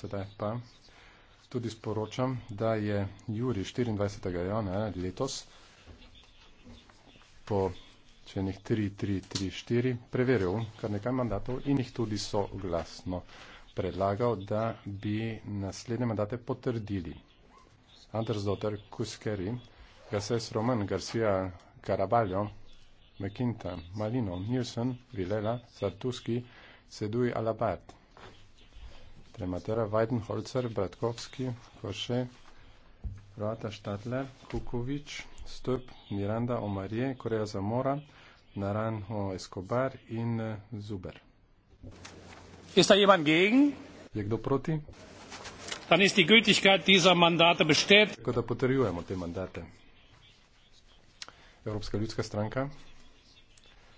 sedaj pa tudi sporočam, da je Juri 24. januarja letos po čenih 3, 3, 3, 4 preveril kar nekaj mandatov in jih tudi so glasno predlagal, da bi naslednje mandate potrdili. Anders Dotter Kuskeri, Gases Roman Garcia Caraballo, Mekinta, Malino, Nielsen, Vilela, Sartuski, Seduj Alabat, Prematera Weidenholzer, Bratkovski, Koše, Rata Štatler, Kukovič, Stup, Miranda Omarije, Koreja Zamora, Naranjo Escobar in eh, Zuber. Je kdo proti? Tako da potrjujemo te mandate. Evropska ljudska stranka.